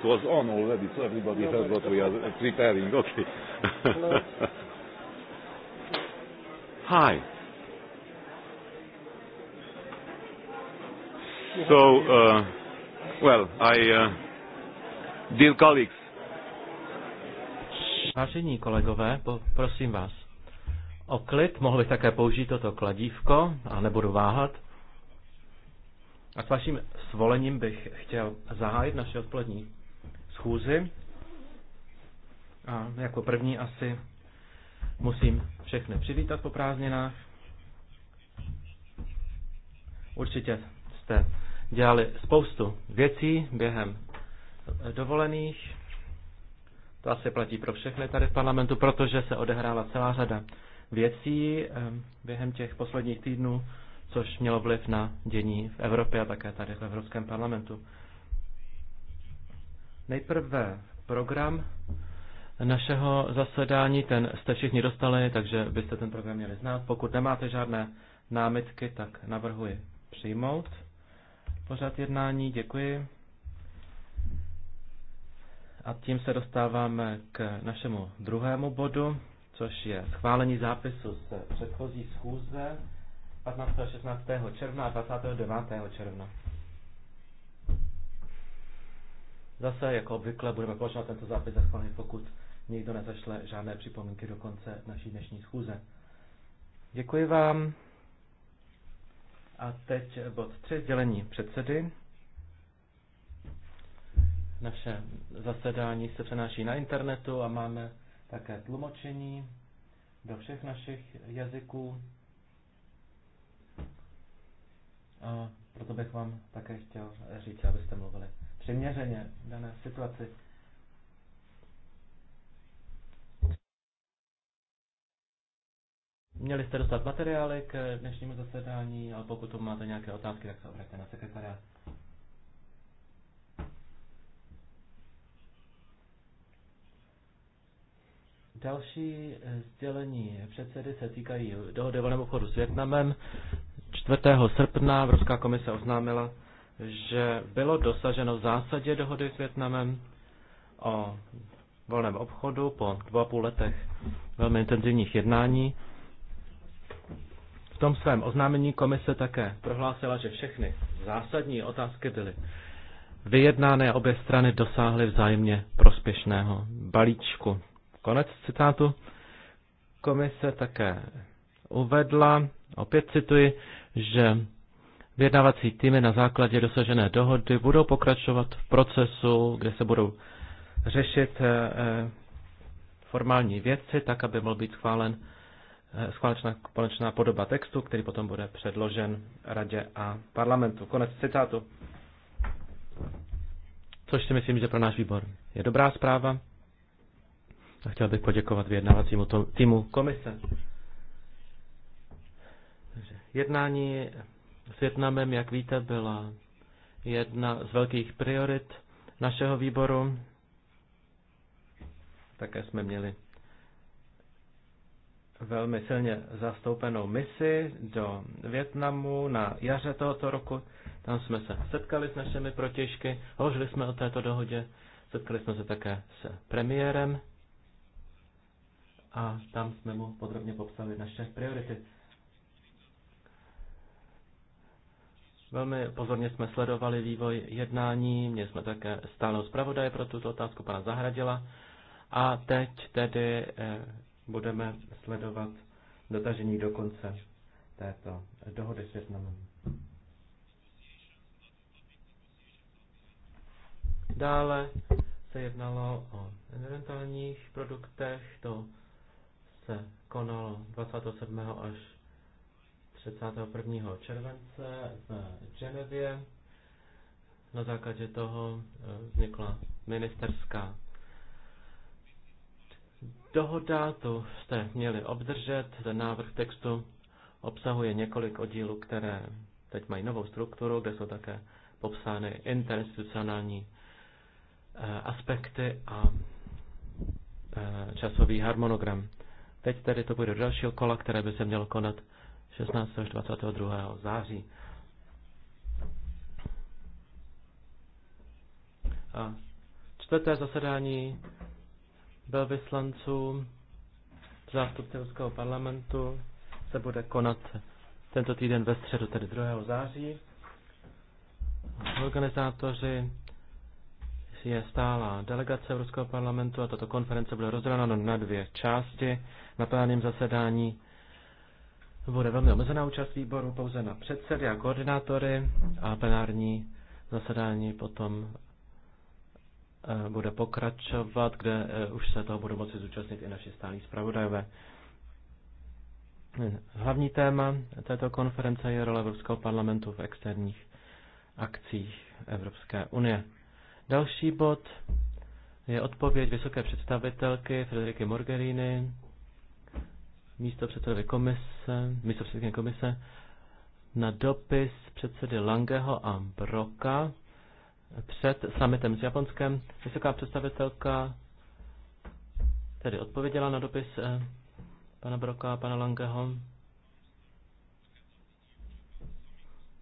it was on already, so everybody heard what we are preparing. Okay. Hi. So, uh, well, I, uh, dear colleagues. Vážení kolegové, po, prosím vás o klid, mohl bych také použít toto kladívko a nebudu váhat. A s vaším svolením bych chtěl zahájit naše odpolední schůzi. A jako první asi musím všechny přivítat po prázdninách. Určitě jste dělali spoustu věcí během dovolených. To asi platí pro všechny tady v parlamentu, protože se odehrála celá řada věcí ehm, během těch posledních týdnů, což mělo vliv na dění v Evropě a také tady v Evropském parlamentu. Nejprve program našeho zasedání, ten jste všichni dostali, takže byste ten program měli znát. Pokud nemáte žádné námitky, tak navrhuji přijmout pořád jednání. Děkuji. A tím se dostáváme k našemu druhému bodu, což je schválení zápisu z předchozí schůze 15. 16. června a 29. června. Zase, jako obvykle, budeme považovat tento zápis za schválený, pokud nikdo nezašle žádné připomínky do konce naší dnešní schůze. Děkuji vám. A teď bod 3, dělení předsedy. Naše zasedání se přenáší na internetu a máme také tlumočení do všech našich jazyků. A proto bych vám také chtěl říct, abyste mluvili přiměřeně dané situaci. Měli jste dostat materiály k dnešnímu zasedání, ale pokud tu máte nějaké otázky, tak se obraťte na sekretariat. Další eh, sdělení předsedy se týkají dohody o obchodu s Větnamem. 4. srpna Evropská komise oznámila, že bylo dosaženo v zásadě dohody s Větnamem o volném obchodu po a půl letech velmi intenzivních jednání. V tom svém oznámení komise také prohlásila, že všechny zásadní otázky byly vyjednány a obě strany dosáhly vzájemně prospěšného balíčku. Konec citátu. Komise také uvedla, opět cituji, že Vědnavací týmy na základě dosažené dohody budou pokračovat v procesu, kde se budou řešit eh, eh, formální věci, tak aby mohl být schválen eh, schválečná konečná podoba textu, který potom bude předložen radě a parlamentu. Konec citátu. Což si myslím, že pro náš výbor je dobrá zpráva. A chtěl bych poděkovat vyjednávacímu týmu komise. Jednání s Větnamem, jak víte, byla jedna z velkých priorit našeho výboru. Také jsme měli velmi silně zastoupenou misi do Větnamu na jaře tohoto roku. Tam jsme se setkali s našimi protěžky, hovořili jsme o této dohodě, setkali jsme se také s premiérem a tam jsme mu podrobně popsali naše priority. Velmi pozorně jsme sledovali vývoj jednání, měli jsme také stáleho zpravodaje pro tuto otázku pana Zahradila a teď tedy eh, budeme sledovat dotažení do konce této dohody s Větnamem. Dále se jednalo o inventálních produktech, to se konalo 27. až 31. července v Ženevě. Na základě toho eh, vznikla ministerská dohoda, tu jste měli obdržet. Ten návrh textu obsahuje několik oddílů, které teď mají novou strukturu, kde jsou také popsány interinstitucionální eh, aspekty a eh, časový harmonogram. Teď tedy to bude do dalšího kola, které by se mělo konat 16. až 22. září. A čtvrté zasedání byl vyslanců zástupce parlamentu se bude konat tento týden ve středu, tedy 2. září. Organizátoři je stála delegace Evropského parlamentu a tato konference bude rozdělena na dvě části. Na plánním zasedání bude velmi omezená účast výboru pouze na předsedy a koordinátory a plenární zasedání potom eh, bude pokračovat, kde eh, už se toho budou moci zúčastnit i naši stálí zpravodajové. Hlavní téma této konference je role Evropského parlamentu v externích akcích Evropské unie. Další bod je odpověď vysoké představitelky Frederiky Morgerini místo předsedovi komise, místo předsedkyně komise na dopis předsedy Langeho a Broka před summitem s Japonskem. Vysoká představitelka tedy odpověděla na dopis eh, pana Broka a pana Langeho.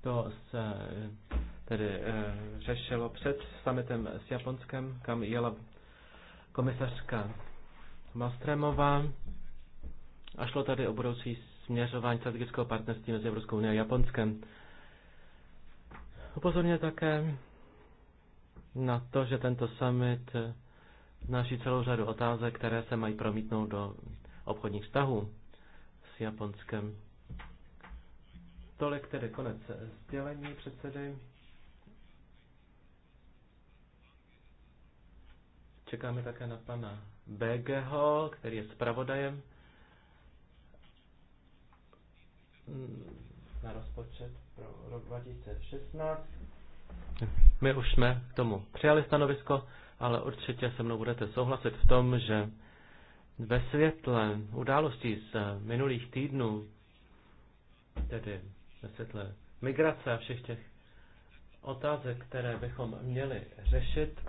To se eh, tedy eh, řešilo před summitem s Japonskem, kam jela komisařka Mastremová. A šlo tady o budoucí směřování strategického partnerství mezi Evropskou unii a Japonskem. Upozorně také na to, že tento summit naší celou řadu otázek, které se mají promítnout do obchodních vztahů s Japonskem. Tolik tedy konec sdělení předsedy. Čekáme také na pana BGH, který je zpravodajem. Mm, na rozpočet pro rok 2016. My už jsme k tomu přijali stanovisko, ale určitě se mnou budete souhlasit v tom, že ve světle událostí z minulých týdnů, tedy ve světle migrace a všech těch otázek, které bychom měli řešit,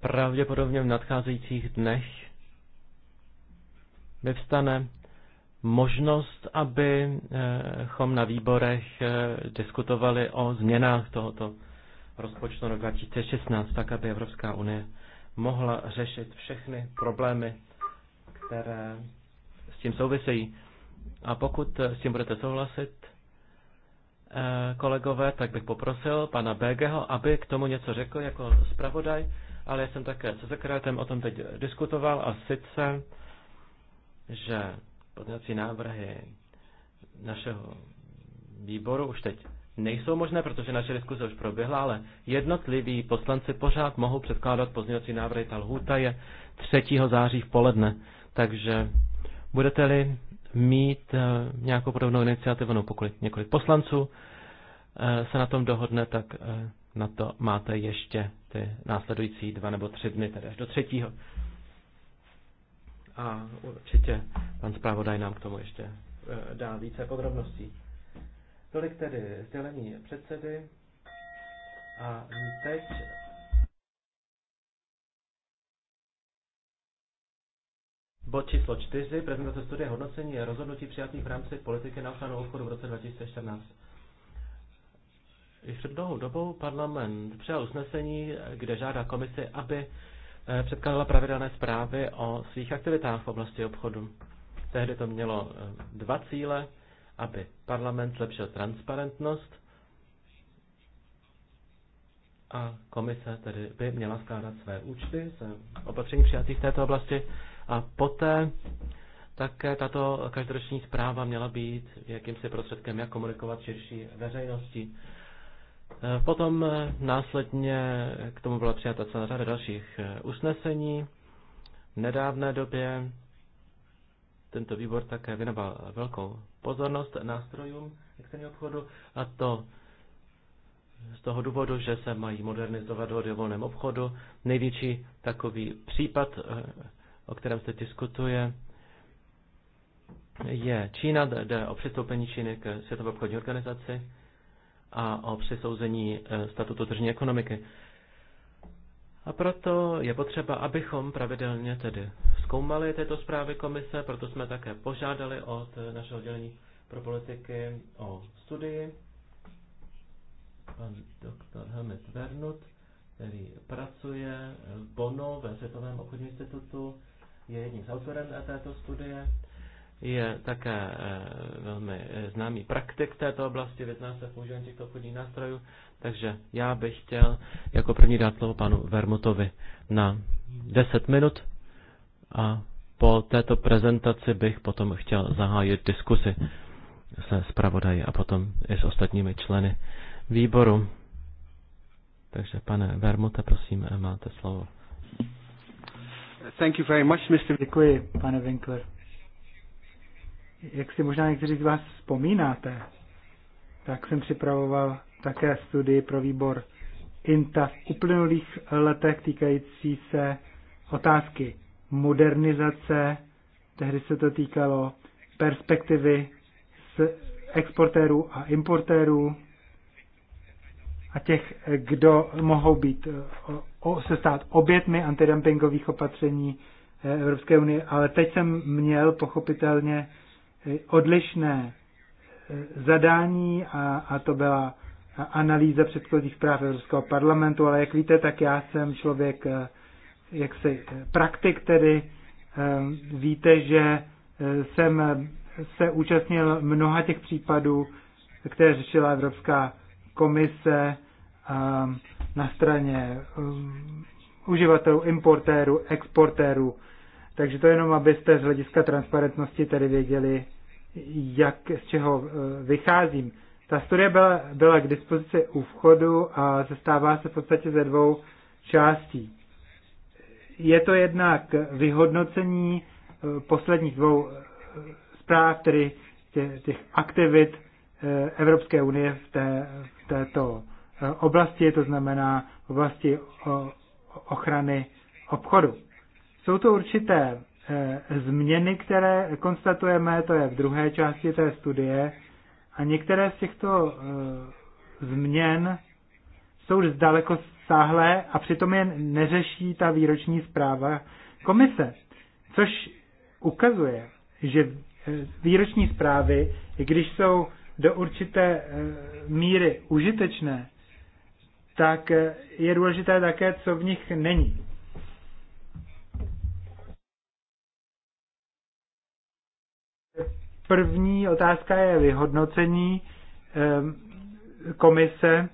pravděpodobně v nadcházejících dnech vyvstane možnost, abychom na výborech eh, diskutovali o změnách tohoto rozpočtu roku 2016, tak aby Evropská unie mohla řešit všechny problémy, které s tím souvisejí. A pokud eh, s tím budete souhlasit, eh, kolegové, tak bych poprosil pana Bégeho, aby k tomu něco řekl jako zpravodaj, ale já jsem také se sekretem o tom teď diskutoval a sice, že pozměňovací návrhy našeho výboru už teď nejsou možné, protože naše diskuze už proběhla, ale jednotliví poslanci pořád mohou předkládat pozměňovací návrhy. Ta lhůta je 3. září v poledne, takže budete-li mít eh, nějakou podobnou iniciativu, no pokud několik poslanců eh, se na tom dohodne, tak eh, na to máte ještě ty následující dva nebo tři dny, tedy až do třetího a určitě pan zpravodaj nám k tomu ještě eh, dá více podrobností. Tolik tedy sdělení předsedy a teď Bod číslo 4. Prezentace studie hodnocení a rozhodnutí přijatých v rámci politiky na ochranu obchodu v roce 2014. Již před dlouhou dobou parlament přijal usnesení, kde žádá komisi, aby Eh, předkládala pravidelné zprávy o svých aktivitách v oblasti obchodu. Tehdy to mělo eh, dva cíle, aby parlament zlepšil transparentnost a komise tedy by měla skládat své účty se opatření přijatých v této oblasti a poté také tato každoroční zpráva měla být jakýmsi prostředkem, jak komunikovat širší veřejnosti Eh, potom eh, následně k tomu byla přijata celá řada dalších eh, usnesení. V nedávné době tento výbor také věnoval velkou pozornost nástrojům externího obchodu a to z toho důvodu, že se mají modernizovat dohody o volném obchodu. Největší takový případ, o kterém se diskutuje, je Čína, jde o přistoupení Číny k Světové obchodní organizaci a o přisouzení e, statutu tržní ekonomiky. A proto je potřeba, abychom pravidelně tedy zkoumali této zprávy komise, proto jsme také požádali od e, našeho dělení pro politiky o studii. Pan doktor Helmut Vernut, který pracuje v Bonu ve Světovém obchodním institutu, je jedním z autorem této studie je také eh, velmi eh, známý praktik této oblasti, vyzná se v používání těchto obchodních nástrojů, takže já bych chtěl jako první dát slovo panu Vermutovi na 10 minut a po této prezentaci bych potom chtěl zahájit diskusi se zpravodají a potom i s ostatními členy výboru. Takže pane Vermute, prosím, máte slovo. Thank you very much, Mr. Děkuji, pane Winkler jak si možná někteří z vás vzpomínáte, tak jsem připravoval také studii pro výbor INTA v uplynulých letech týkající se otázky modernizace, tehdy se to týkalo perspektivy z exportérů a importérů a těch, kdo mohou být, se stát obětmi antidumpingových opatření eh, Evropské unie, ale teď jsem měl pochopitelně E, odlišné e, zadání a, a to byla analýza předchozích práv Evropského parlamentu, ale jak víte, tak já jsem člověk, e, jak se praktik tedy, víte, že jsem se účastnil mnoha těch případů, které řešila Evropská komise na straně uživatelů, importérů, exportérů. Takže to jenom, abyste z hlediska transparentnosti tedy věděli, jak, z čeho e, vycházím. Ta studie byla, byla k dispozici u vchodu a sestává se v podstatě ze dvou částí. Je to jednak vyhodnocení e, posledních dvou e, zpráv, tedy těch aktivit Evropské unie v, té, v této oblasti, to znamená v oblasti ochrany obchodu. Jsou to určité Eh, změny, které konstatujeme, to je v druhé části té studie, a některé z těchto eh, změn jsou daleko sáhlé a přitom je neřeší ta výroční zpráva komise, což ukazuje, že eh, výroční zprávy, i když jsou do určité míry užitečné, tak je důležité také, co v nich není. První otázka je vyhodnocení ehm, komise.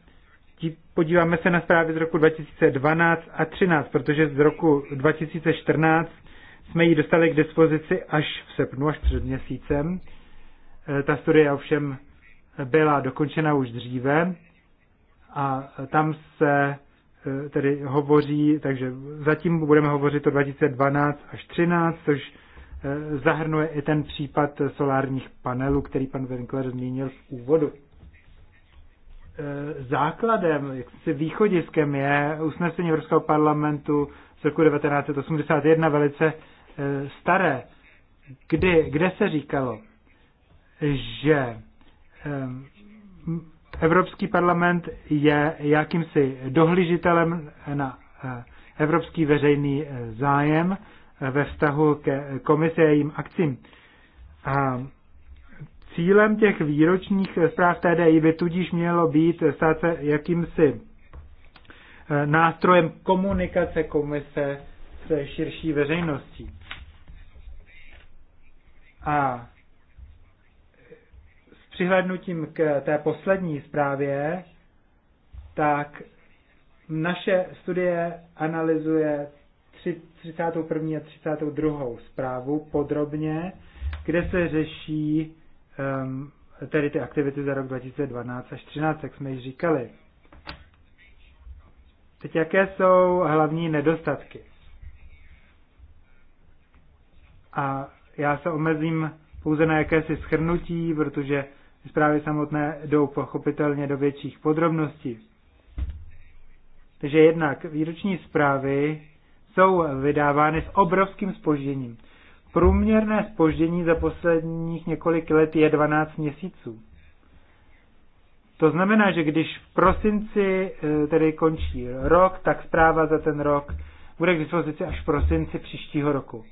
Podíváme se na zprávy z roku 2012 a 2013, protože z roku 2014 jsme ji dostali k dispozici až v srpnu, až před měsícem. Eh, ta studie ovšem byla dokončena už dříve a tam se eh, tedy hovoří, takže zatím budeme hovořit o 2012 až 13, což Eh, zahrnuje i ten případ solárních panelů, který pan Winkler zmínil v úvodu. Eh, základem, jaksi východiskem je usnesení Evropského parlamentu z roku 1981, velice eh, staré, kdy, kde se říkalo, že Evropský parlament je jakýmsi dohlížitelem na evropský veřejný zájem ve vztahu ke komisi a jejím akcím. A cílem těch výročních zpráv TDI by tudíž mělo být stát se jakýmsi eh, nástrojem komunikace komise se širší veřejností. A s přihlednutím k té poslední zprávě, tak naše studie analyzuje 31. a 32. zprávu podrobně, kde se řeší um, tedy ty aktivity za rok 2012 až 2013, jak jsme již říkali. Teď jaké jsou hlavní nedostatky? A já se omezím pouze na jakési schrnutí, protože zprávy samotné jdou pochopitelně do větších podrobností. Takže jednak výroční zprávy jsou vydávány s obrovským spožděním. Průměrné spoždění za posledních několik let je 12 měsíců. To znamená, že když v prosinci eh, tedy končí rok, tak zpráva za ten rok bude k dispozici až v prosinci příštího roku.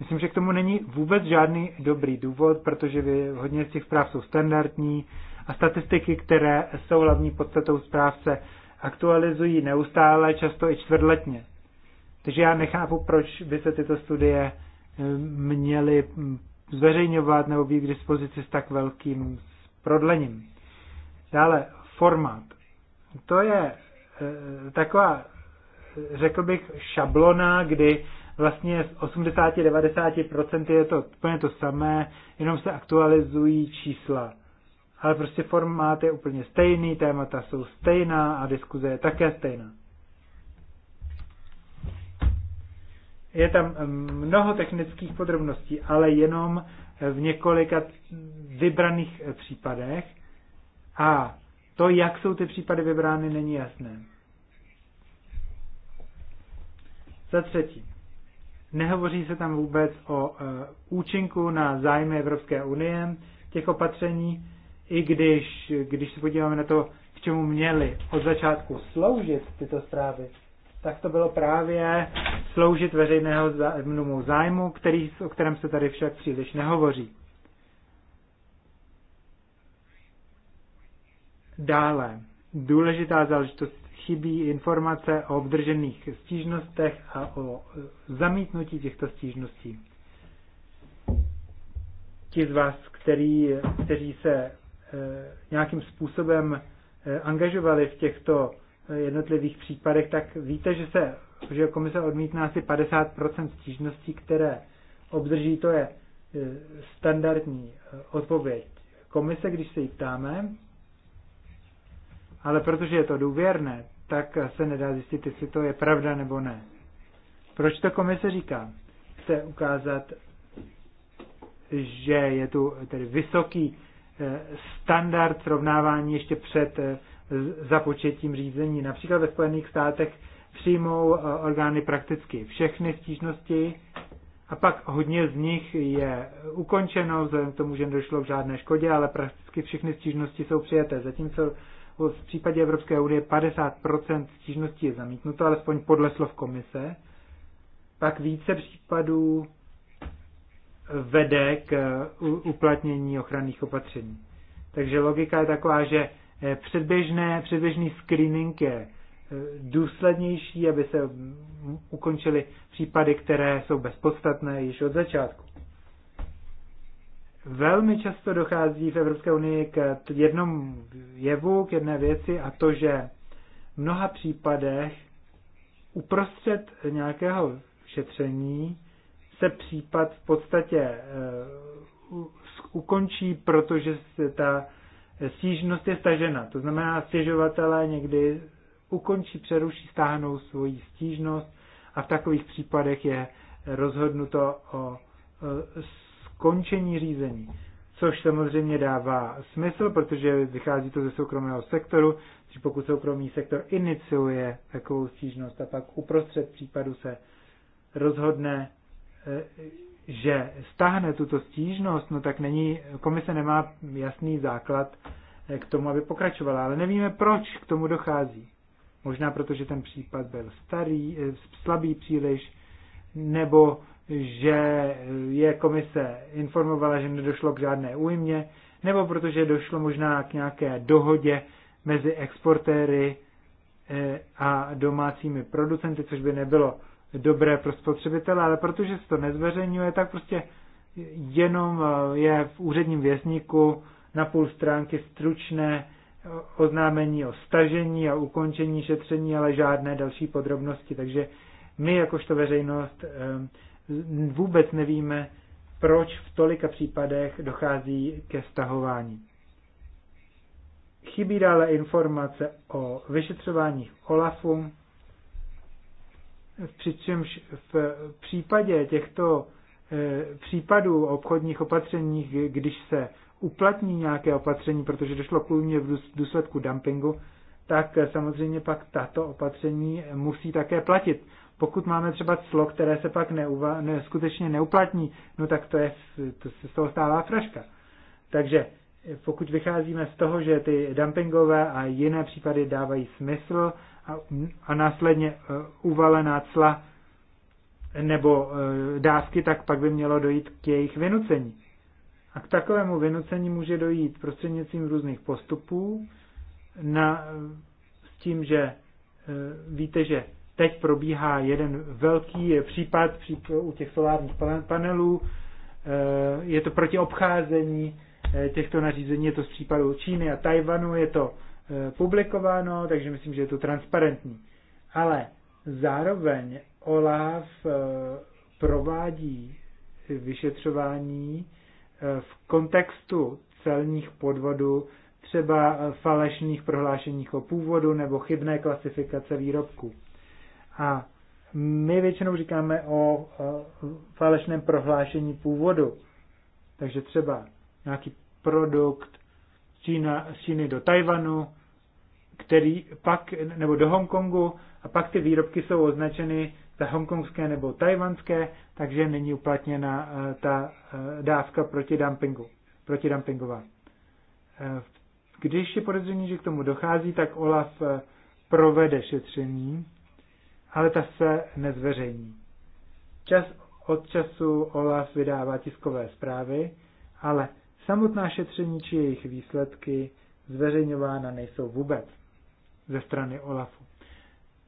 Myslím, že k tomu není vůbec žádný dobrý důvod, protože hodně z těch zpráv jsou standardní a statistiky, které jsou hlavní podstatou se aktualizují neustále, často i čtvrtletně. Takže já nechápu, proč by se tyto studie eh, měly mm, zveřejňovat nebo být k dispozici s tak velkým prodlením. Dále formát. To je eh, taková, eh, řekl bych, šablona, kdy vlastně z 80-90% je to úplně to samé, jenom se aktualizují čísla. Ale prostě formát je úplně stejný, témata jsou stejná a diskuze je také stejná. Je tam eh, mnoho technických podrobností, ale jenom eh, v několika vybraných eh, případech. A to, jak jsou ty případy vybrány, není jasné. Za třetí, nehovoří se tam vůbec o účinku na zájmy Evropské unie těch opatření, i když, když se podíváme na to, k čemu měly od začátku sloužit tyto zprávy, tak to bylo právě sloužit veřejného zájmu, zájmu který, o kterém se tady však příliš nehovoří. Dále, důležitá záležitost chybí informace o obdržených stížnostech a o zamítnutí těchto stížností. Ti z vás, který, kteří se e, nějakým způsobem e, angažovali v těchto Eh, jednotlivých případech, tak víte, že se že komise odmítne asi 50% stížností, které obdrží, to je eh, standardní eh, odpověď komise, když se jí ptáme, ale protože je to důvěrné, tak se nedá zjistit, jestli to je pravda nebo ne. Proč to komise říká? Chce ukázat, že je tu tedy vysoký standard srovnávání ještě před za početím řízení. Například ve Spojených státech přijmou eh, orgány prakticky všechny stížnosti a pak hodně z nich je ukončeno, vzhledem k tomu, že nedošlo k žádné škodě, ale prakticky všechny stížnosti jsou přijaté. Zatímco v případě Evropské unie 50% stížností je zamítnuto, alespoň podle slov komise. Pak více případů vede k eh, uplatnění ochranných opatření. Takže logika je taková, že Eh, předběžné, předběžný screening je eh, důslednější, aby se mm, ukončily případy, které jsou bezpodstatné již od začátku. Velmi často dochází v Evropské unii k jednom jevu, k jedné věci a to, že v mnoha případech uprostřed nějakého šetření se případ v podstatě eh, ukončí, protože se ta stížnost je stažena. To znamená, stěžovatelé někdy ukončí, přeruší, stáhnou svoji stížnost a v takových případech je rozhodnuto o skončení řízení. Což samozřejmě dává smysl, protože vychází to ze soukromého sektoru, že pokud soukromý sektor iniciuje takovou stížnost a pak uprostřed případu se rozhodne e, že stáhne tuto stížnost, no tak není, komise nemá jasný základ eh, k tomu, aby pokračovala. Ale nevíme, proč k tomu dochází. Možná proto, že ten případ byl starý, eh, slabý příliš, nebo že eh, je komise informovala, že nedošlo k žádné újmě, nebo protože došlo možná k nějaké dohodě mezi exportéry a domácími producenty, což by nebylo dobré pro spotřebitele, ale protože se to nezveřejňuje, tak prostě jenom eh, je v úředním věstníku na půl stránky stručné eh, oznámení o stažení a ukončení šetření, ale žádné další podrobnosti. Takže my, jakožto veřejnost, eh, vůbec nevíme, proč v tolika případech dochází ke stahování. Chybí dále informace o vyšetřováních OLAFu, přičemž v případě těchto eh, případů obchodních opatřeních, když se uplatní nějaké opatření, protože došlo k újmě v důsledku dumpingu, tak samozřejmě pak tato opatření musí také platit. Pokud máme třeba clo, které se pak neuva, ne, skutečně neuplatní, no tak to, je, to se z toho stává fraška. Takže pokud vycházíme z toho, že ty dumpingové a jiné případy dávají smysl, a, hm, a následně eh, uvalená cla nebo eh, dávky, tak pak by mělo dojít k jejich vynucení. A k takovému vynucení může dojít prostřednictvím různých postupů na, s tím, že eh, víte, že teď probíhá jeden velký případ u těch solárních panelů. Je to proti obcházení těchto nařízení, je to z případu Číny a Tajvanu, je to Eh, publikováno, takže myslím, že je to transparentní. Ale zároveň OLAF eh, provádí vyšetřování eh, v kontextu celních podvodů, třeba falešných prohlášeních o původu nebo chybné klasifikace výrobků. A my většinou říkáme o falešném prohlášení původu. Takže třeba nějaký produkt z, Čína, z Číny do Tajvanu který pak, nebo do Hongkongu, a pak ty výrobky jsou označeny za hongkongské nebo tajvanské, takže není uplatněna eh, ta eh, dávka proti dumpingu, proti dumpingová. Eh, když je podezření, že k tomu dochází, tak Olaf provede šetření, ale ta se nezveřejní. Čas od času Olaf vydává tiskové zprávy, ale samotná šetření či jejich výsledky zveřejňována nejsou vůbec ze strany OLAFu.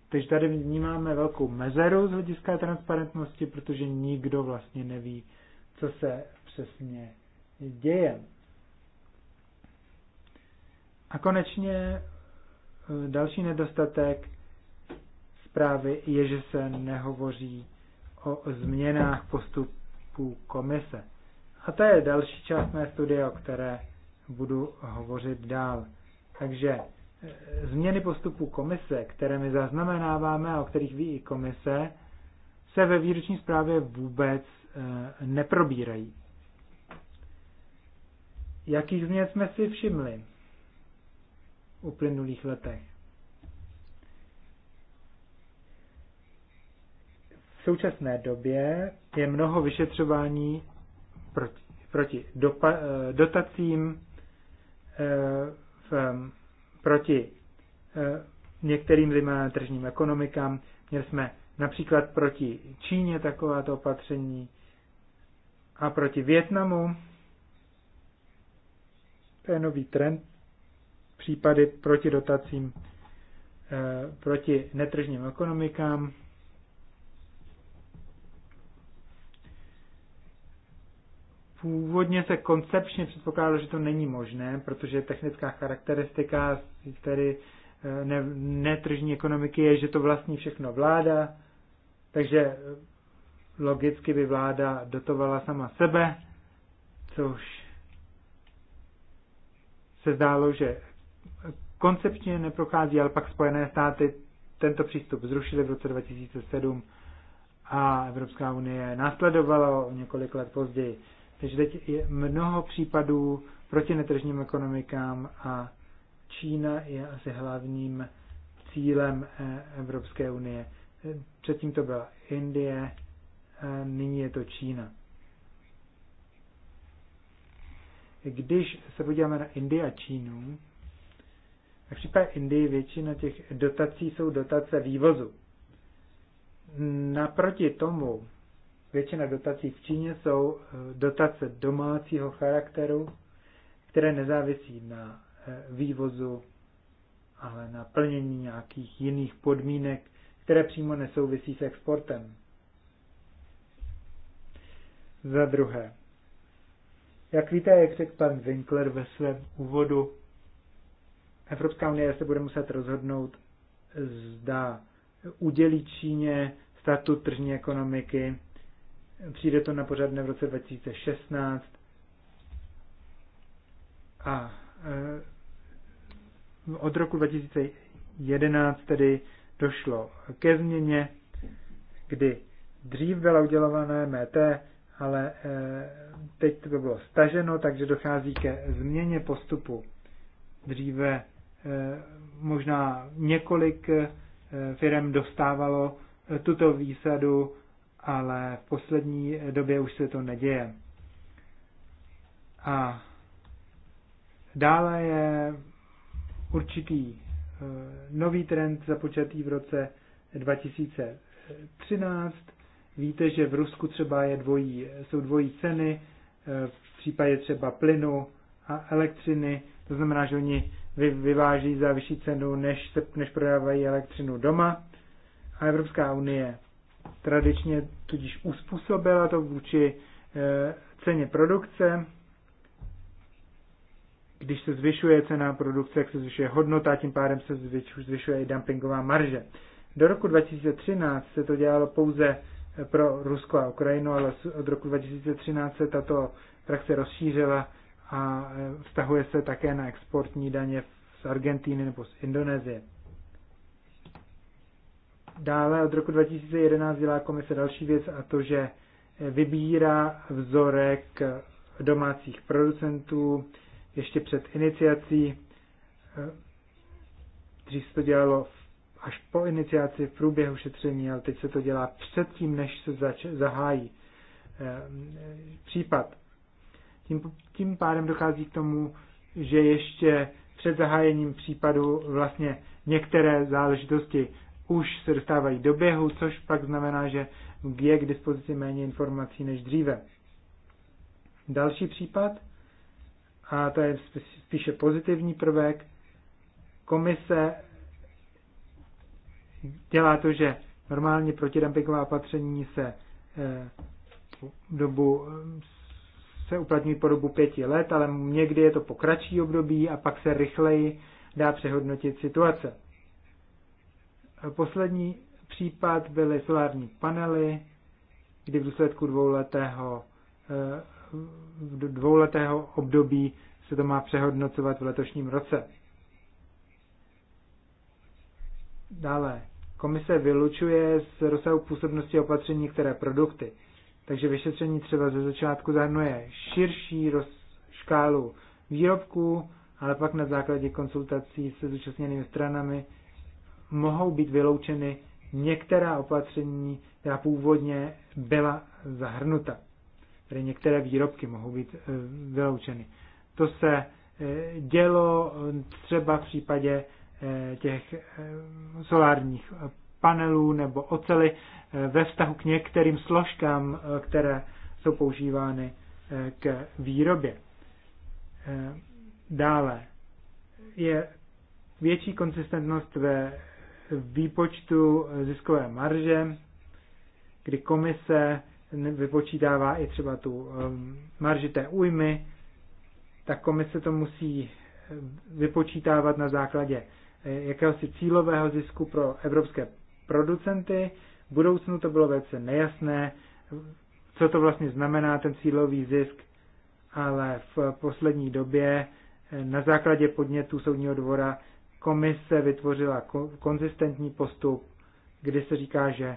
Takže tady vnímáme velkou mezeru z hlediska transparentnosti, protože nikdo vlastně neví, co se přesně děje. A konečně e, další nedostatek zprávy je, že se nehovoří o změnách postupů komise. A to je další část mé studie, o které budu hovořit dál. Takže změny postupu komise, které my zaznamenáváme a o kterých ví i komise, se ve výroční zprávě vůbec eh, neprobírají. Jakých změn jsme si všimli v uplynulých letech? V současné době je mnoho vyšetřování proti, proti dopa, eh, dotacím eh, v proti eh, některým zejména tržním ekonomikám. Měli jsme například proti Číně takováto opatření a proti Větnamu. To je nový trend. Případy proti dotacím, eh, proti netržním ekonomikám. Původně se koncepčně předpokládalo, že to není možné, protože technická charakteristika tedy eh, ne, netržní ekonomiky je, že to vlastní všechno vláda, takže eh, logicky by vláda dotovala sama sebe, což se zdálo, že koncepčně neprochází, ale pak Spojené státy tento přístup zrušily v roce 2007 a Evropská unie následovala o několik let později. Takže teď je mnoho případů proti netržním ekonomikám a Čína je asi hlavním cílem eh, Evropské unie. Předtím to byla Indie, eh, nyní je to Čína. Když se podíváme na Indii a Čínu, tak případě Indii většina těch dotací jsou dotace vývozu. Naproti tomu Většina dotací v Číně jsou eh, dotace domácího charakteru, které nezávisí na eh, vývozu, ale na plnění nějakých jiných podmínek, které přímo nesouvisí s exportem. Za druhé, jak víte, jak řekl pan Winkler ve svém úvodu, Evropská unie se bude muset rozhodnout, zda udělí Číně statut tržní ekonomiky Přijde to na pořad v roce 2016 a e, od roku 2011 tedy došlo ke změně, kdy dřív byla udělované MT, e ale e, teď to bylo staženo, takže dochází ke změně postupu. Dříve možná několik firm dostávalo tuto výsadu ale v poslední době už se to neděje. A dále je určitý eh, nový trend započatý v roce 2013. Víte, že v Rusku třeba je dvojí, jsou dvojí ceny eh, v případě třeba plynu a elektřiny. To znamená, že oni vyváží za vyšší cenu, než, se, než prodávají elektřinu doma. A Evropská unie tradičně tudíž uspůsobila to vůči eh, ceně produkce. Když se zvyšuje cena produkce, jak se zvyšuje hodnota, tím pádem se zvyšuje i dumpingová marže. Do roku 2013 se to dělalo pouze eh, pro Rusko a Ukrajinu, ale od roku 2013 se tato praxe rozšířila a eh, vztahuje se také na exportní daně z Argentíny nebo z Indonésie. Dále od roku 2011 dělá komise další věc a to, že vybírá vzorek domácích producentů ještě před iniciací. Dřív se to dělalo až po iniciaci v průběhu šetření, ale teď se to dělá předtím, než se zahájí eh, případ. Tím, tím pádem dochází k tomu, že ještě před zahájením případu vlastně některé záležitosti už se dostávají do běhu, což pak znamená, že je k dispozici méně informací než dříve. Další případ, a to je spíše pozitivní prvek, komise dělá to, že normálně protidumpingová opatření se eh, dobu se uplatňují po dobu pěti let, ale někdy je to po kratší období a pak se rychleji dá přehodnotit situace. Poslední případ byly solární panely, kdy v důsledku dvouletého, eh, dvouletého období se to má přehodnocovat v letošním roce. Dále, komise vylučuje z rozsahu působnosti opatření některé produkty, takže vyšetření třeba ze začátku zahrnuje širší roz, škálu výrobků, ale pak na základě konsultací se zúčastněnými stranami mohou být vyloučeny některá opatření, která původně byla zahrnuta. Tedy některé výrobky mohou být eh, vyloučeny. To se eh, dělo eh, třeba v případě těch solárních panelů nebo ocely ve vztahu k některým složkám, které jsou používány k výrobě. Dále je větší konsistentnost ve výpočtu ziskové marže, kdy komise vypočítává i třeba tu um, marži té újmy, tak komise to musí vypočítávat na základě eh, jakéhosi cílového zisku pro evropské producenty. V budoucnu to bylo velice nejasné, co to vlastně znamená ten cílový zisk, ale v poslední době eh, na základě podnětů soudního dvora komise vytvořila konzistentní postup, kdy se říká, že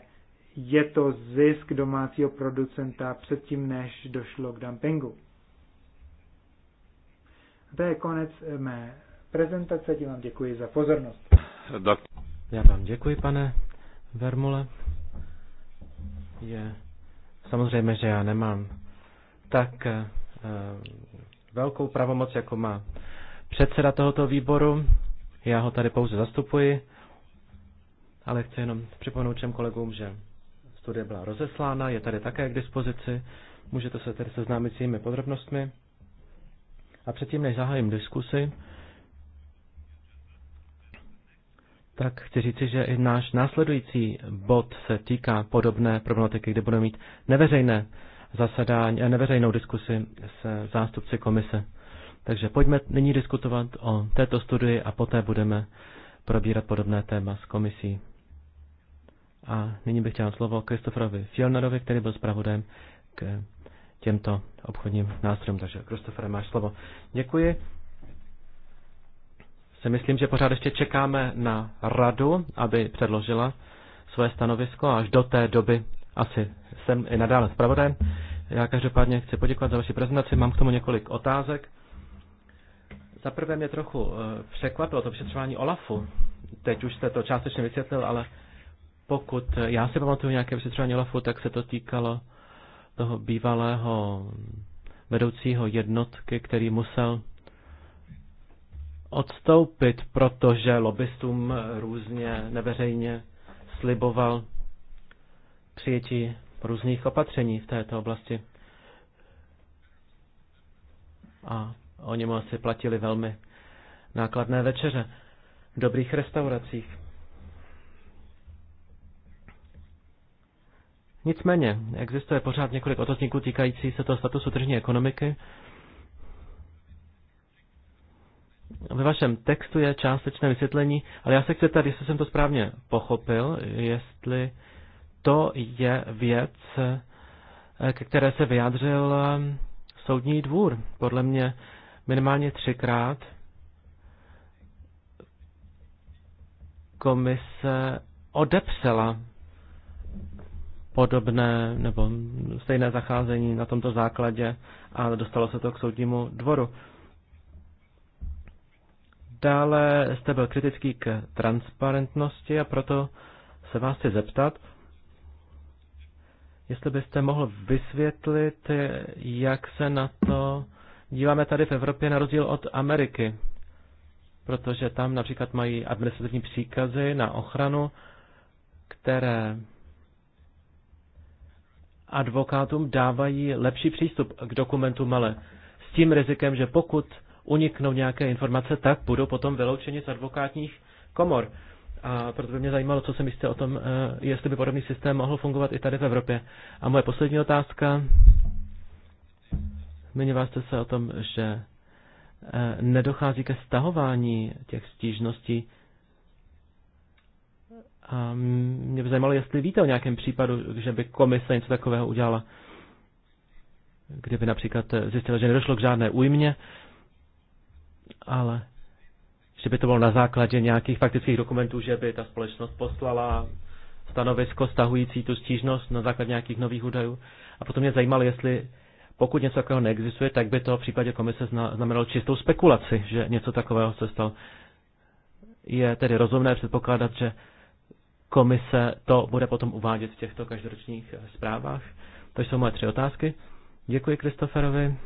je to zisk domácího producenta předtím, než došlo k dumpingu. To je konec mé prezentace. Ti vám děkuji za pozornost. Já vám děkuji, pane Vermule. Je samozřejmě, že já nemám tak eh, velkou pravomoc, jako má předseda tohoto výboru. Já ho tady pouze zastupuji, ale chci jenom připomenout všem kolegům, že studie byla rozeslána, je tady také k dispozici, můžete se tedy seznámit s jejími podrobnostmi. A předtím, než zahájím diskusi, tak chci říci, že i náš následující bod se týká podobné problematiky, kde budeme mít neveřejné zasedání, neveřejnou diskusi s zástupci komise. Takže pojďme nyní diskutovat o této studii a poté budeme probírat podobné téma s komisí. A nyní bych chtěl slovo Kristoferovi Fjellnerovi, který byl zpravodajem k těmto obchodním nástrojům. Takže Kristofere, máš slovo. Děkuji. Si myslím, že pořád ještě čekáme na radu, aby předložila své stanovisko a až do té doby asi jsem i nadále zpravodajem. Já každopádně chci poděkovat za vaši prezentaci, mám k tomu několik otázek. Za prvé mě trochu eh, překvapilo to vyšetřování OLAFu. Teď už jste to částečně vysvětlil, ale pokud eh, já si pamatuju nějaké vyšetřování OLAFu, tak se to týkalo toho bývalého vedoucího jednotky, který musel odstoupit, protože lobbystům různě neveřejně sliboval přijetí různých opatření v této oblasti. A O něm asi platili velmi nákladné večeře v dobrých restauracích. Nicméně existuje pořád několik otazníků týkající se toho statusu tržní ekonomiky. Ve vašem textu je částečné vysvětlení, ale já se chci tady, jestli jsem to správně pochopil, jestli to je věc, ke které se vyjádřil soudní dvůr. Podle mě minimálně třikrát komise odepsala podobné nebo stejné zacházení na tomto základě a dostalo se to k soudnímu dvoru. Dále jste byl kritický k transparentnosti a proto se vás chci zeptat, jestli byste mohl vysvětlit, jak se na to díváme tady v Evropě na rozdíl od Ameriky, protože tam například mají administrativní příkazy na ochranu, které advokátům dávají lepší přístup k dokumentu, ale s tím rizikem, že pokud uniknou nějaké informace, tak budou potom vyloučeni z advokátních komor. A proto by mě zajímalo, co si myslíte o tom, eh, jestli by podobný systém mohl fungovat i tady v Evropě. A moje poslední otázka Zmiňoval jste se o tom, že eh, nedochází ke stahování těch stížností. A mě by zajímalo, jestli víte o nějakém případu, že by komise něco takového udělala, kdyby například zjistila, že nedošlo k žádné újmě, ale že by to bylo na základě nějakých faktických dokumentů, že by ta společnost poslala stanovisko stahující tu stížnost na základě nějakých nových údajů. A potom mě zajímalo, jestli pokud něco takového neexistuje, tak by to v případě komise znamenalo čistou spekulaci, že něco takového se stalo. Je tedy rozumné předpokládat, že komise to bude potom uvádět v těchto každoročních eh, zprávách. To jsou moje tři otázky. Děkuji Kristoferovi.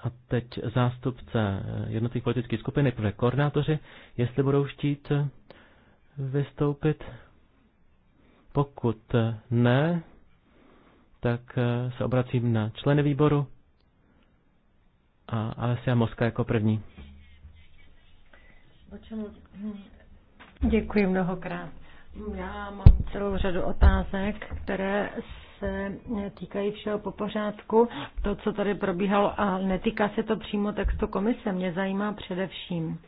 A teď zástupce eh, jednotlivých politických skupin, nejprve koordinátoři, jestli budou chtít eh, vystoupit. Pokud ne, tak eh, se obracím na členy výboru a Alessia Moska jako první. Hm. Děkuji mnohokrát. Já mám celou řadu otázek, které se týkají všeho po pořádku. To, co tady probíhalo, a netýká se to přímo textu komise, mě zajímá především,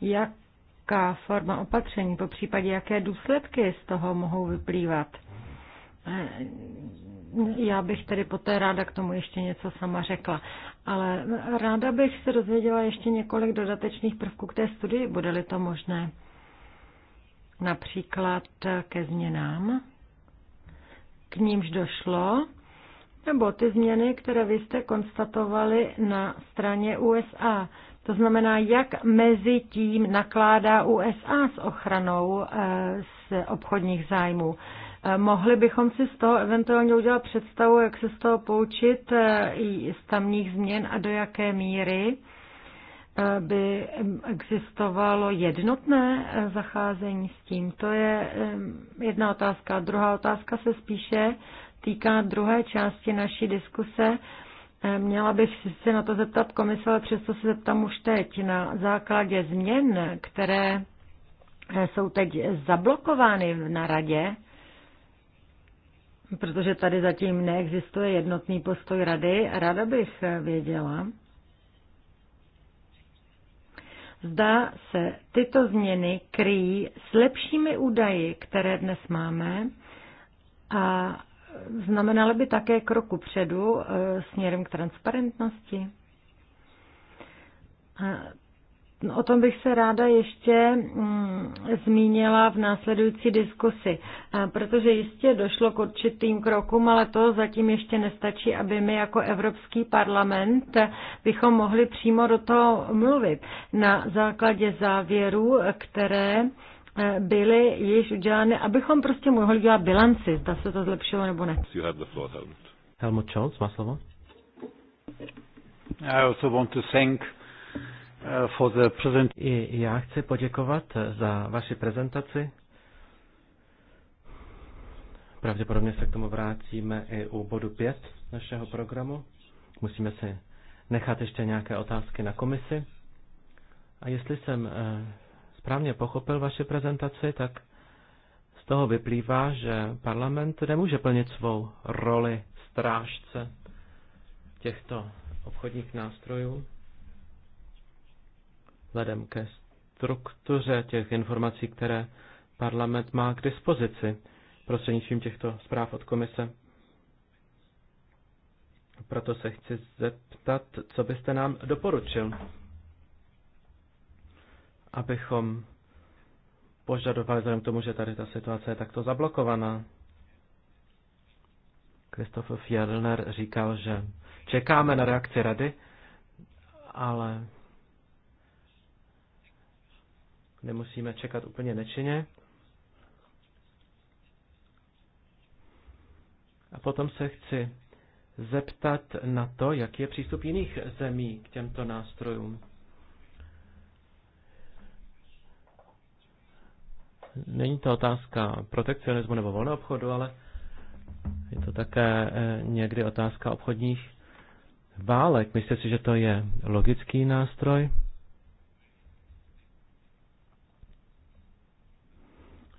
jaká forma opatření, po případě jaké důsledky z toho mohou vyplývat. Já bych tedy poté ráda k tomu ještě něco sama řekla. Ale ráda bych se dozvěděla ještě několik dodatečných prvků k té studii, bude-li to možné. Například ke změnám, k nímž došlo, nebo ty změny, které vy jste konstatovali na straně USA. To znamená, jak mezi tím nakládá USA s ochranou z eh, obchodních zájmů. Mohli bychom si z toho eventuálně udělat představu, jak se z toho poučit eh, i z tamních změn a do jaké míry eh, by existovalo jednotné eh, zacházení s tím. To je jedna otázka. Druhá otázka se spíše týká druhé části naší diskuse. Měla bych se na to zeptat komise, ale přesto se zeptám už teď. Na základě změn, které jsou teď zablokovány na radě, protože tady zatím neexistuje jednotný postoj rady. rada bych věděla, zda se tyto změny kryjí s lepšími údaji, které dnes máme a znamenaly by také kroku předu e, směrem k transparentnosti o tom bych se ráda ještě mm, zmínila v následující diskusi, protože jistě došlo k určitým krokům, ale to zatím ještě nestačí, aby my jako Evropský parlament bychom mohli přímo do toho mluvit na základě závěrů, které e, byly již udělány, abychom prostě mohli dělat bilanci, zda se to zlepšilo nebo ne. Helmut Scholz má slovo. I also want to thank Uh, for the present. I já chci poděkovat za vaši prezentaci. Pravděpodobně se k tomu vrátíme i u bodu 5 našeho programu. Musíme si nechat ještě nějaké otázky na komisi. A jestli jsem eh, správně pochopil vaši prezentaci, tak z toho vyplývá, že parlament nemůže plnit svou roli strážce těchto obchodních nástrojů vzhledem ke struktuře těch informací, které parlament má k dispozici prostřednictvím těchto zpráv od komise. Proto se chci zeptat, co byste nám doporučil, abychom požadovali vzhledem k tomu, že tady ta situace je takto zablokovaná. Kristof Fjellner říkal, že čekáme na reakci rady, ale nemusíme čekat úplně nečině A potom se chci zeptat na to, jaký je přístup jiných zemí k těmto nástrojům. Není to otázka protekcionismu nebo volného obchodu, ale je to také eh, někdy otázka obchodních válek. Myslím si, že to je logický nástroj?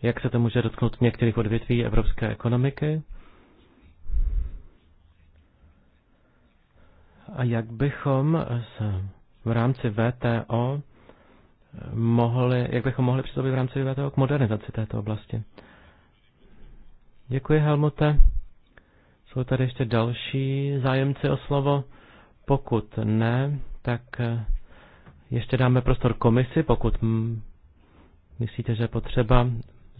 jak se to může dotknout některých odvětví evropské ekonomiky a jak bychom se v rámci VTO mohli, jak bychom mohli přistoupit v rámci VTO k modernizaci této oblasti. Děkuji, Helmute. Jsou tady ještě další zájemci o slovo? Pokud ne, tak eh, ještě dáme prostor komisi, pokud myslíte, že je potřeba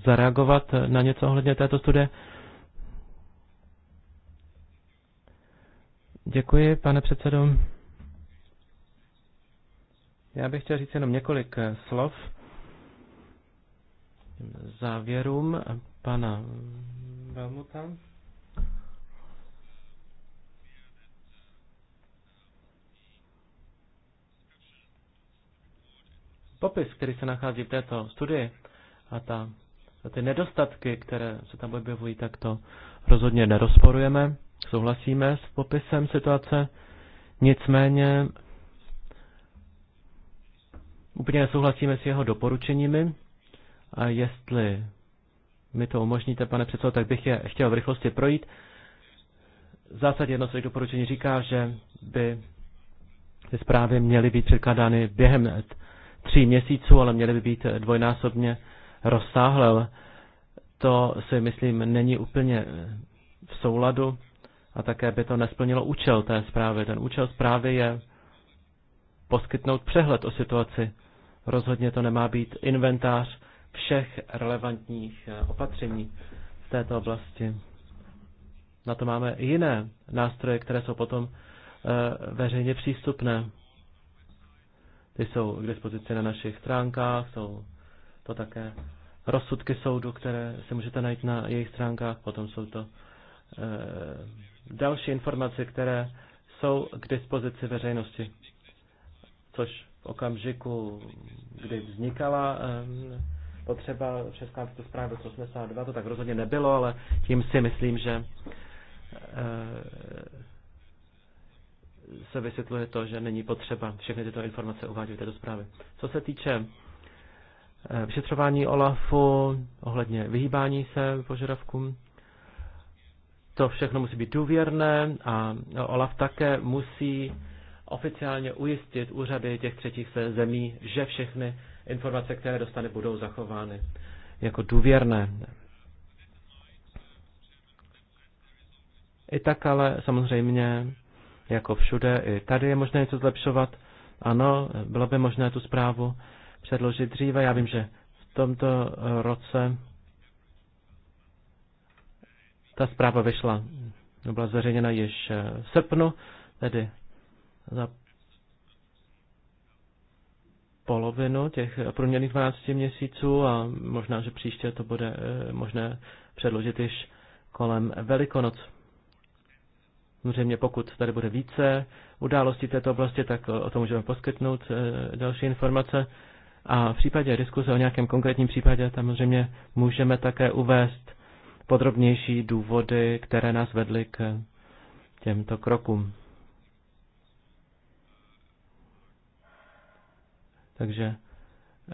zareagovat na něco ohledně této studie? Děkuji, pane předsedo. Já bych chtěl říct jenom několik eh, slov závěrům pana Velmuta. Popis, který se nachází v této studii a ta ty nedostatky, které se tam objevují, tak to rozhodně nerozporujeme, souhlasíme s popisem situace, nicméně úplně nesouhlasíme s jeho doporučeními a jestli mi to umožníte, pane předsedo, tak bych je chtěl v rychlosti projít. V zásadě jedno z těch doporučení říká, že by ty zprávy měly být překladány během tří měsíců, ale měly by být dvojnásobně rozsáhlé. To si myslím není úplně eh, v souladu a také by to nesplnilo účel té zprávy. Ten účel zprávy je poskytnout přehled o situaci. Rozhodně to nemá být inventář všech relevantních eh, opatření v této oblasti. Na to máme i jiné nástroje, které jsou potom eh, veřejně přístupné. Ty jsou k dispozici na našich stránkách, jsou to také rozsudky soudu, které si můžete najít na jejich stránkách, potom jsou to eh, další informace, které jsou k dispozici veřejnosti, což v okamžiku, kdy vznikala eh, potřeba Česká to zprávy 82, to tak rozhodně nebylo, ale tím si myslím, že eh, se vysvětluje to, že není potřeba všechny tyto informace uvádět do zprávy. Co se týče Eh, vyšetřování OLAFu, ohledně vyhýbání se požadavkům. To všechno musí být důvěrné a OLAF také musí oficiálně ujistit úřady těch třetích zemí, že všechny informace, které dostane, budou zachovány jako důvěrné. I tak ale samozřejmě, jako všude, i tady je možné něco zlepšovat. Ano, bylo by možné tu zprávu předložit dříve. Já vím, že v tomto eh, roce ta zpráva vyšla, byla zveřejněna již eh, v srpnu, tedy za polovinu těch průměrných 12 měsíců a možná, že příště to bude eh, možné předložit již kolem Velikonoc. Samozřejmě pokud tady bude více událostí této oblasti, tak o tom můžeme poskytnout další informace. A v případě diskuse o nějakém konkrétním případě samozřejmě můžeme také uvést podrobnější důvody, které nás vedly k těmto krokům. Takže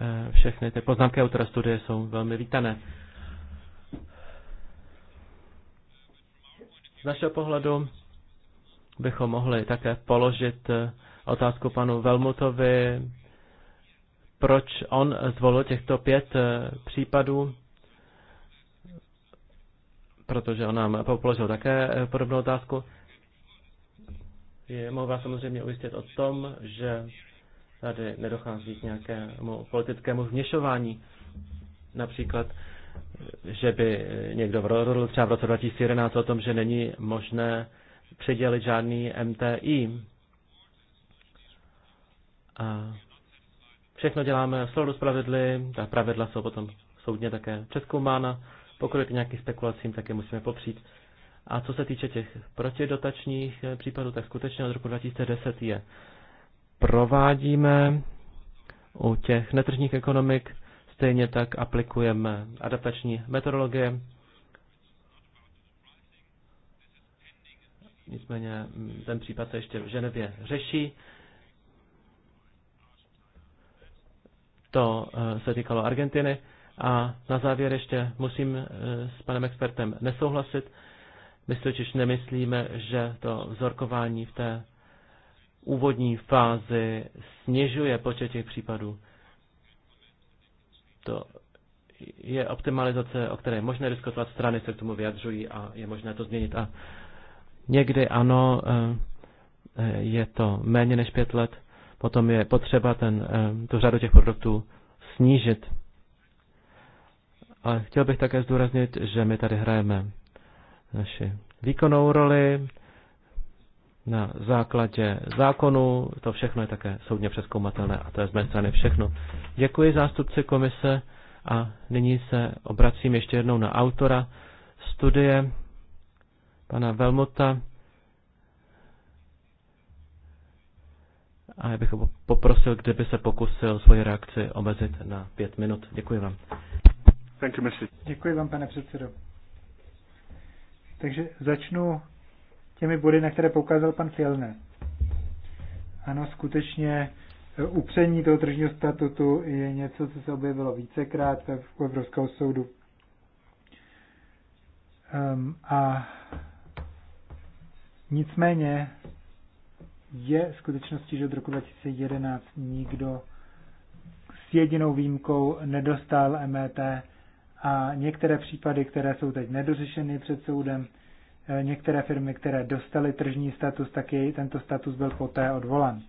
eh, všechny ty poznámky autora studie jsou velmi vítané. Z našeho pohledu bychom mohli také položit eh, otázku panu Velmutovi, proč on zvolil těchto pět eh, případů, protože on nám položil také eh, podobnou otázku. Je, mohu vás samozřejmě ujistit o tom, že tady nedochází k nějakému politickému vněšování. Například, že by někdo rozhodl třeba v roce 2011 o tom, že není možné přidělit žádný MTI. A Všechno děláme v souladu s pravidly, ta pravidla jsou potom soudně také přeskoumána. Pokud je nějaký nějakým spekulacím, tak je musíme popřít. A co se týče těch protidotačních eh, případů, tak skutečně od roku 2010 je provádíme u těch netržních ekonomik, stejně tak aplikujeme adaptační metodologie. Nicméně mm, ten případ se ještě v Ženevě řeší. To eh, se týkalo Argentiny. A na závěr ještě musím eh, s panem expertem nesouhlasit. My si totiž nemyslíme, že to vzorkování v té úvodní fázi snižuje počet těch případů. To je optimalizace, o které je možné diskutovat, strany se k tomu vyjadřují a je možné to změnit. A někdy ano, eh, je to méně než pět let, potom je potřeba ten, eh, tu řadu těch produktů snížit. Ale chtěl bych také zdůraznit, že my tady hrajeme naši výkonnou roli na základě zákonu. To všechno je také soudně přeskoumatelné a to je z mé strany všechno. Děkuji zástupci komise a nyní se obracím ještě jednou na autora studie, pana Velmota. A já bych poprosil, kdyby se pokusil svoji reakci omezit na pět minut. Děkuji vám. Thank you, Děkuji vám, pane předsedo. Takže začnu těmi body, na které poukázal pan Fielner. Ano, skutečně e, upření toho tržního statutu je něco, co se objevilo vícekrát v Evropského soudu. Um, a nicméně je skutečností, že od roku 2011 nikdo s jedinou výjimkou nedostal MET a některé případy, které jsou teď nedořešeny před soudem, eh, některé firmy, které dostaly tržní status, taky tento status byl poté odvolan.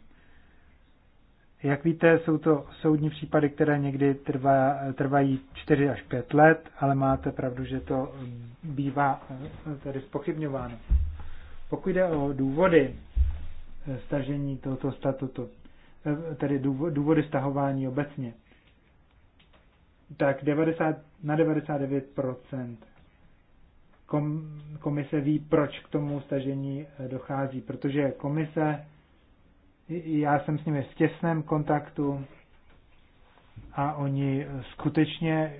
Jak víte, jsou to soudní případy, které někdy trvá, trvají 4 až 5 let, ale máte pravdu, že to bývá eh, tedy spochybňováno. Pokud jde o důvody, stažení tohoto statutu, eh, tedy důvody stahování obecně, tak 90, na 99% komise ví, proč k tomu stažení eh, dochází, protože komise, já jsem s nimi v těsném kontaktu a oni skutečně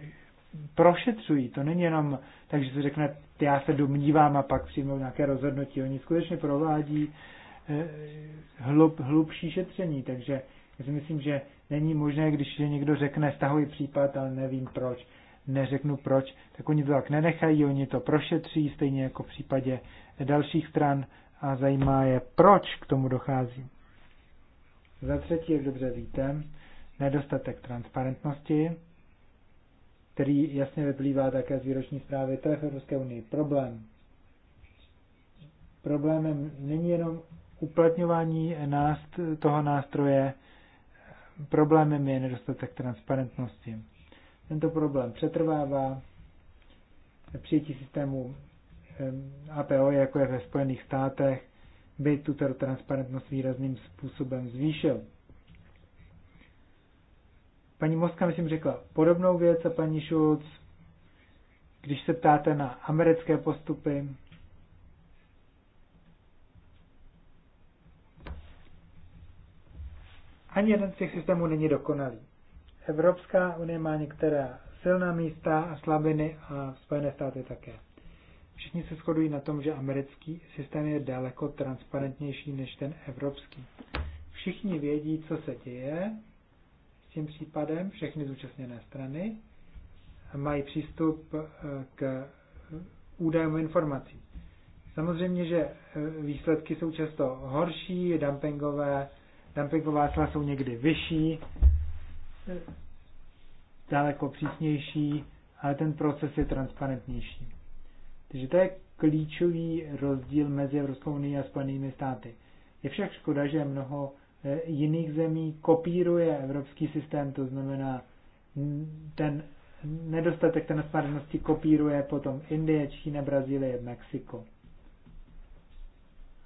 prošetřují. To není jenom tak, že řekne, já se domnívám a pak přijmou nějaké rozhodnutí. Oni skutečně provádí Eh, hlub, hlubší šetření, takže já si myslím, že není možné, když někdo řekne, stahuji případ, ale nevím proč, neřeknu proč, tak oni to tak nenechají, oni to prošetří, stejně jako v případě dalších stran a zajímá je, proč k tomu dochází. Za třetí, jak dobře víte, nedostatek transparentnosti, který jasně vyplývá také z výroční zprávy, to je v Evropské unii problém. Problémem není jenom uplatňování nást, toho nástroje problémem je nedostatek transparentnosti. Tento problém přetrvává. Přijetí systému APO, jako je ve Spojených státech, by tuto transparentnost výrazným způsobem zvýšil. Paní Moska, myslím, řekla podobnou věc a paní Schulz, když se ptáte na americké postupy, Ani jeden z těch systémů není dokonalý. Evropská unie má některá silná místa a slabiny a Spojené státy také. Všichni se shodují na tom, že americký systém je daleko transparentnější než ten evropský. Všichni vědí, co se děje s tím případem, všechny zúčastněné strany mají přístup eh, k údajům informací. Samozřejmě, že eh, výsledky jsou často horší, dumpingové, dumpingová cla jsou někdy vyšší, daleko přísnější, ale ten proces je transparentnější. Takže to je klíčový rozdíl mezi Evropskou unii a Spojenými státy. Je však škoda, že mnoho eh, jiných zemí kopíruje evropský systém, to znamená ten nedostatek transparentnosti kopíruje potom Indie, Čína, Brazílie, Mexiko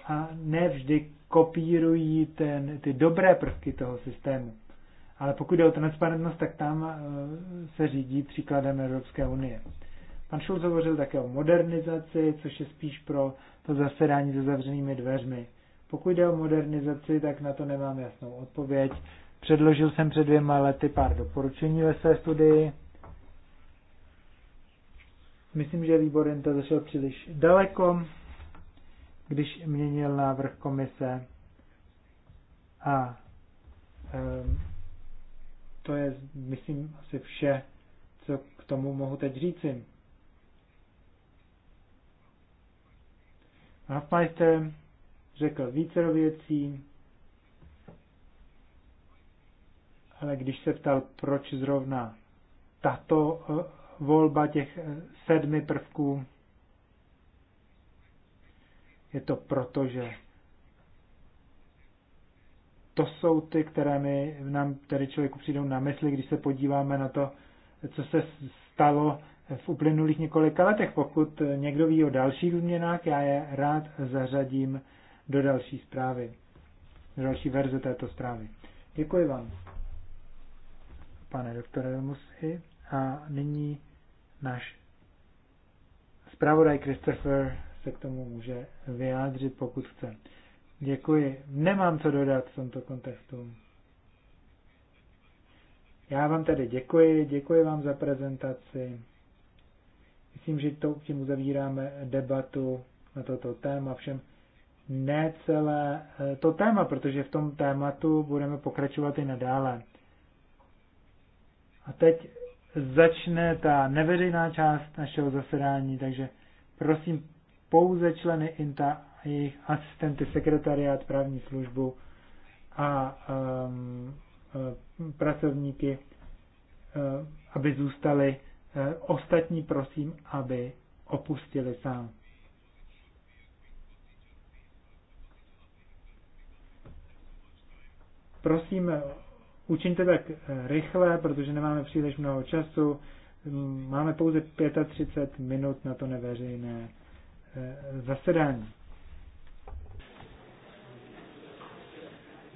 a ne vždy kopírují ten, ty dobré prvky toho systému. Ale pokud jde o transparentnost, tak tam eh, se řídí příkladem Evropské unie. Pan Schulz hovořil také o modernizaci, což je spíš pro to zasedání se zavřenými dveřmi. Pokud jde o modernizaci, tak na to nemám jasnou odpověď. Předložil jsem před dvěma lety pár doporučení ve své studii. Myslím, že výbor to zašel příliš daleko když měnil návrh komise a um, to je, myslím, asi vše, co k tomu mohu teď říci. Hafmeister řekl více věcí, ale když se ptal, proč zrovna tato e, volba těch e, sedmi prvků, je to proto, že to jsou ty, které mi, nám tedy člověku přijdou na mysli, když se podíváme na to, co se stalo v uplynulých několika letech. Pokud někdo ví o dalších změnách, já je rád zařadím do další zprávy, do další verze této zprávy. Děkuji vám, pane doktore Musi. A nyní náš zpravodaj Christopher se k tomu může vyjádřit, pokud chce. Děkuji. Nemám co dodat v tomto kontextu. Já vám tedy děkuji, děkuji vám za prezentaci. Myslím, že to, tím uzavíráme debatu na toto téma. Všem ne celé eh, to téma, protože v tom tématu budeme pokračovat i nadále. A teď začne ta neveřejná část našeho zasedání, takže prosím, pouze členy INTA a jejich asistenty, sekretariát, právní službu a um, uh, pracovníky, uh, aby zůstali. Uh, ostatní prosím, aby opustili sám. Prosím, učiňte tak rychle, protože nemáme příliš mnoho času. Máme pouze 35 minut na to neveřejné Eh, zasedání.